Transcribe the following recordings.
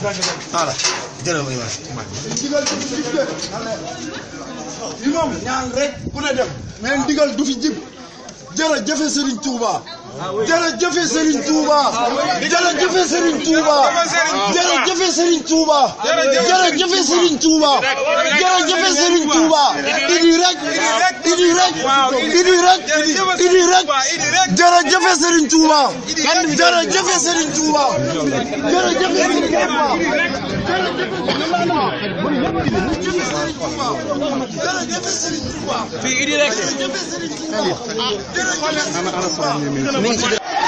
voilà jërëjëf Ibrahima. ñaan rek ku ne dem. mais ndigal du fi jib jërëjëf Serigne Touba. jërëjëfe Serigne Touba jërëjëfe Serigne Touba jërëjëfe Serigne Touba jërëjëfe Serigne Touba jërëjëfe Serigne Touba idi rek idi rek idi rek Touba Serigne Touba jërëjëf Serigne Touba fii idi rek jërëjëf Serigne Touba jërëjëf Serigne Touba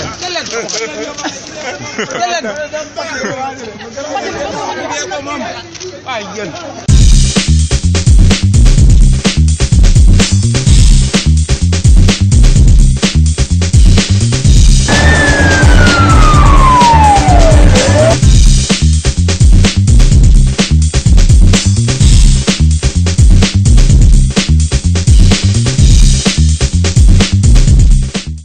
jëleen jëleen